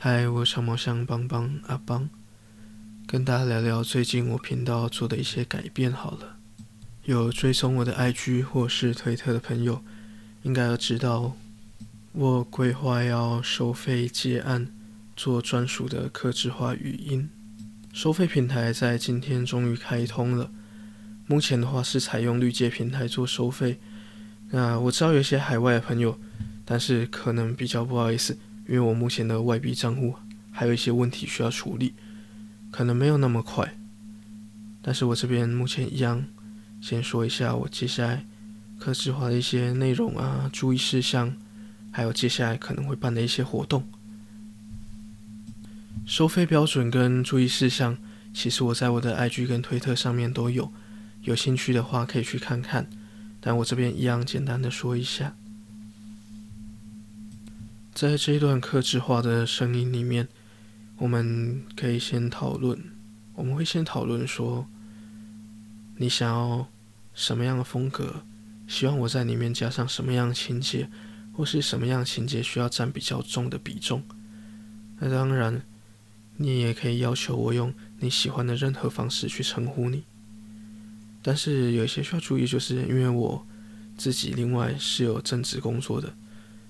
嗨，Hi, 我是毛象邦邦阿邦，跟大家聊聊最近我頻道做的一些改變好了。有追蹤我的 IG 或是推特的朋友，應該要知道哦。我規劃要收費接案，做專屬的客製化語音。收費平台在今天終於開通了。目前的話是採用綠界平台做收費。那我知道有些海外的朋友，但是可能比較不好意思。因為我目前的外幣賬戶還有一些問題需要處理，可能沒有那麼快。但是我這邊目前一樣，先說一下我接下來客製化的一些內容啊，注意事項，還有接下來可能會辦的一些活動、收費標準跟注意事項。其實我在我的 IG 跟推特上面都有，有興趣的話可以去看看。但我這邊一樣簡單的說一下。在這一段客製化的聲音裡面，我們可以先討論。我們會先討論說，你想要什麼樣的風格，希望我在裡面加上什麼樣的情節，或是什麼樣情節需要佔比較重的比重。那當然，你也可以要求我用你喜歡的任何方式去稱呼你。但是有一些需要注意，就是因為我自己另外是有正職工作的。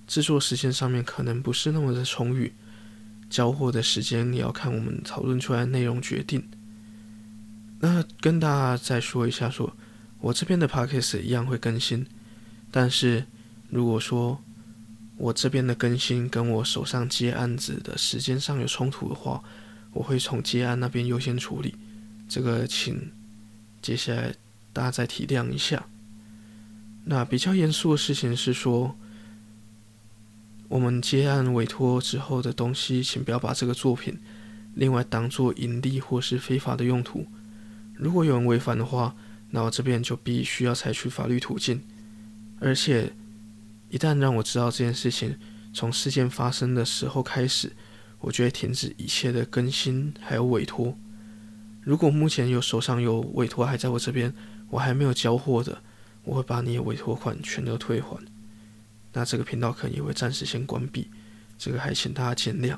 製作時間上面可能不是那麼的充裕，交貨的時間也要看我們討論出來的內容決定。那跟大家再說一下說，說我這邊的 podcast 一樣會更新，但是如果說我這邊的更新跟我手上接案子的時間上有衝突的話，我會從接案那邊優先處理。這個請接下來大家再體諒一下。那比較嚴肅的事情是說。我們接案委托之後的東西，請不要把這個作品另外當作盈利或是非法的用途。如果有人違反的話，那我這邊就必須要採取法律途徑。而且，一旦讓我知道這件事情，從事件發生的時候開始，我就會停止一切的更新還有委托。如果目前有手上有委托還在我這邊，我還沒有交貨的，我會把你的委托款全都退還。那這個頻道可能也會暫時先關閉，這個還請大家見諒。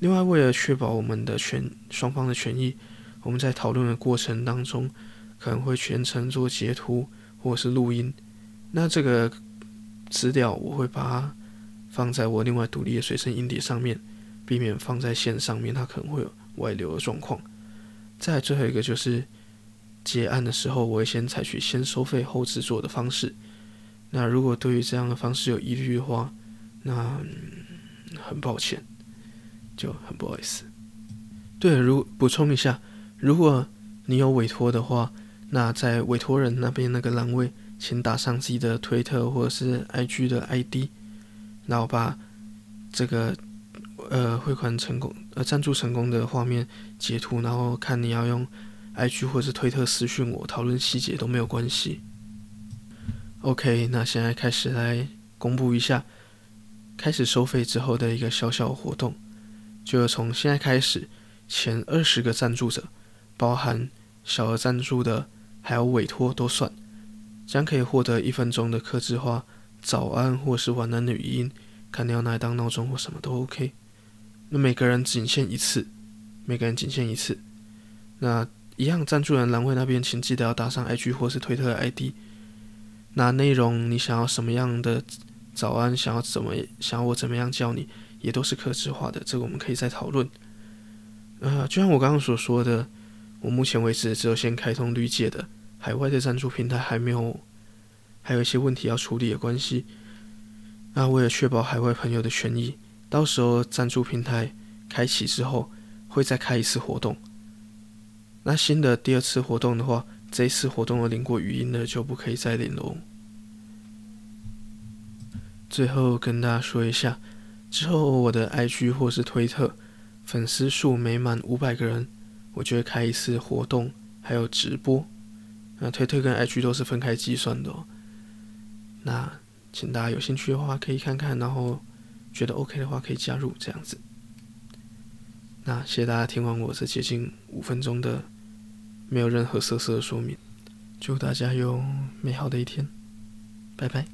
另外，為了確保我們的權雙方的權益，我們在討論的過程當中，可能會全程做截圖或是錄音。那這個資料我會把它放在我另外獨立的隨身硬碟上面，避免放在線上面，它可能會有外流的狀況。再最後一個就是結案的時候，我會先採取先收費後制作的方式。那如果對於這樣的方式有疑慮的話，那很抱歉，就很不好意思。對，如果補充一下，如果你有委託的話，那在委託人那邊那個欄位，請打上自己的推特或者是 IG 的 ID。然後把這個呃匯款成功呃贊助成功的畫面截圖，然後看你要用 IG 或者是推特私訊我，討論細節都沒有關係。OK，那現在開始來公布一下，開始收費之後的一個小小活動，就是從現在開始，前二十個贊助者，包含小額贊助的，還有委託都算，將可以獲得一分鐘的客製化早安或是晚安的語音，看你要拿來當鬧鐘或什麼都 OK。那每個人僅限一次，每個人僅限一次。那一樣贊助人欄位那邊，請記得要打上 IG 或是推特的 ID。那內容你想要什麼樣的早安？想要怎麼，想要我怎麼樣叫你，也都是客製化的。這個我們可以再討論。呃，就像我剛剛所說的，我目前為止只有先開通綠界的，海外的贊助平台還沒有，還有一些問題要處理的關係。那為了確保海外朋友的權益，到時候贊助平台開啟之後會再開一次活動。那新的第二次活動的話。這一次活動的領過語音的就不可以再領嘍、哦。最後跟大家說一下，之後我的 IG 或是推特粉絲數每滿五百個人，我就會開一次活動，還有直播。那推特跟 IG 都是分開計算的、哦。那請大家有興趣的話可以看看，然後覺得 OK 的話可以加入這樣子。那謝謝大家聽完我這接近五分鐘的。沒有任何色色的說明，祝大家有美好的一天，拜拜。